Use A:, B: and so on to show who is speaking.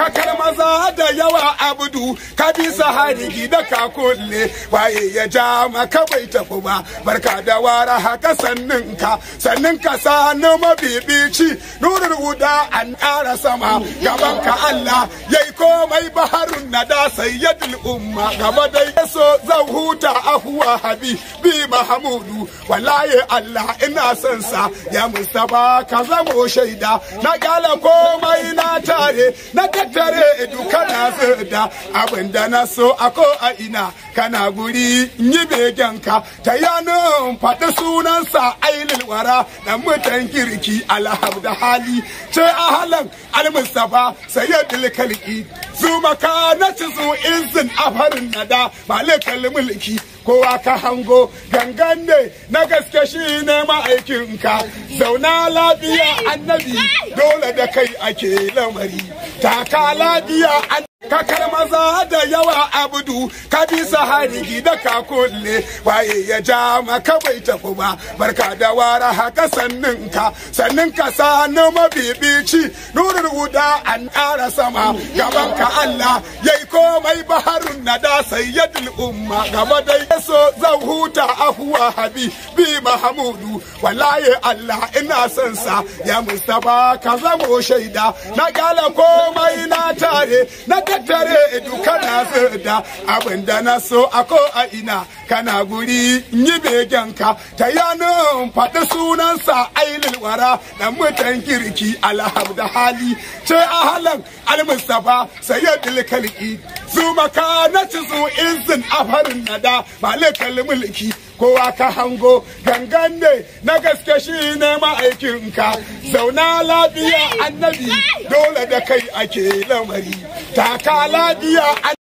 A: kakar maza da yawa abudu ka bi sahari da ka kulle waye ya ja maka bai tafi ba barka da wara haka sannin ka sannin ka sanu mabibici nurin wuda an ƙara sama gaban ka Allah yayi komai baharun na da sayyadul umma gaba dai so zan huta ahuwa habi bi mahamudu wallahi Allah ina son sa ya mustafa ka zamo shaida na gala komai na tare na tattare dukana zada abinda na so ako a ina kana guri yi ka. ta yano fata sunansa ainul wara dan mutan kirki alhamdu hali ce ahalan al-mustafa sayyadul kalki su ka na ci zu izin a farin ba malikal mulki kowa ka hango gangan ne na gaske shi ne ma'aikinka zauna lafiya annabi dole da kai ake lamari taka lafiya kakar maza da yawa abudu ka bisa harigi da ka kulle waye ya ja maka bai tafi ba barka da wara haka sannin ka sannin ka sanu mabibici nurul huda an ƙara sama gaban ka Allah ya komai baharun na da sayyadul umma gaba dai so zan huta ahuwa habi bi mahamudu wallahi Allah ina son sa ya mustafa ka zamo shaida na gala komai na tare na tattare duka da abin da na so ako a ina kana guri yi begenka ta yanin faɗi sunansa ailil wara da mutan kirki alhamda hali ce a halan almustafa sayyidul kalki zuma ka na ci zu izin afarin nada malikal mulki kowa ka hango gangan ne na gaske shi ne ma'aikinka zauna lafiya annabi dole da kai ake lamari taka lafiya